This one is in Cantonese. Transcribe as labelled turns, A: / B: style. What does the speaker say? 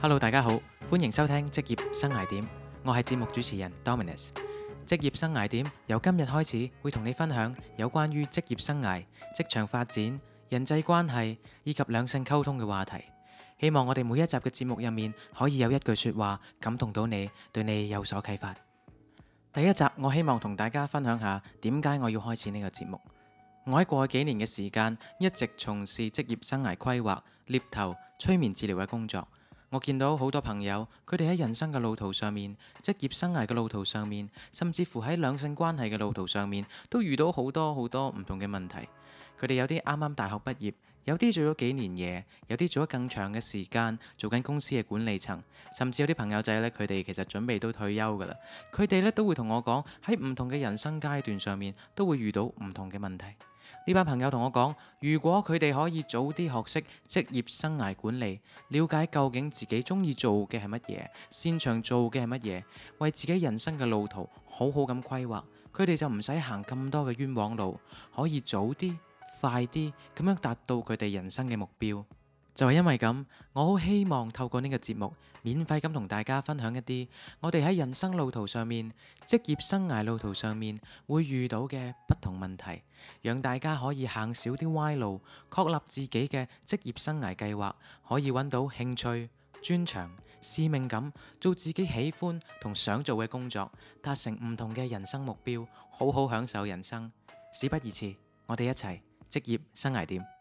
A: Hello，大家好，歡迎收聽職業生涯點。我係節目主持人 Dominus。職業生涯點由今日開始會同你分享有關於職業生涯、職場發展、人際關係以及兩性溝通嘅話題。希望我哋每一集嘅節目入面可以有一句說話感動到你，對你有所啟發。第一集，我希望同大家分享下點解我要開始呢個節目。我喺過去幾年嘅時間一直從事職業生涯規劃、獵頭、催眠治療嘅工作。我見到好多朋友，佢哋喺人生嘅路途上面、職業生涯嘅路途上面，甚至乎喺兩性關係嘅路途上面，都遇到好多好多唔同嘅問題。佢哋有啲啱啱大學畢業。有啲做咗幾年嘢，有啲做咗更長嘅時間，做緊公司嘅管理層，甚至有啲朋友仔呢，佢哋其實準備都退休噶啦。佢哋呢都會同我講，喺唔同嘅人生階段上面，都會遇到唔同嘅問題。呢班朋友同我講，如果佢哋可以早啲學識職業生涯管理，了解究竟自己中意做嘅係乜嘢，擅長做嘅係乜嘢，為自己人生嘅路途好好咁規劃，佢哋就唔使行咁多嘅冤枉路，可以早啲。快啲咁樣達到佢哋人生嘅目標，就係因為咁，我好希望透過呢個節目免費咁同大家分享一啲我哋喺人生路途上面、職業生涯路途上面會遇到嘅不同問題，讓大家可以行少啲歪路，確立自己嘅職業生涯計劃，可以揾到興趣、專長、使命感，做自己喜歡同想做嘅工作，達成唔同嘅人生目標，好好享受人生。事不宜遲，我哋一齊。職業生涯點？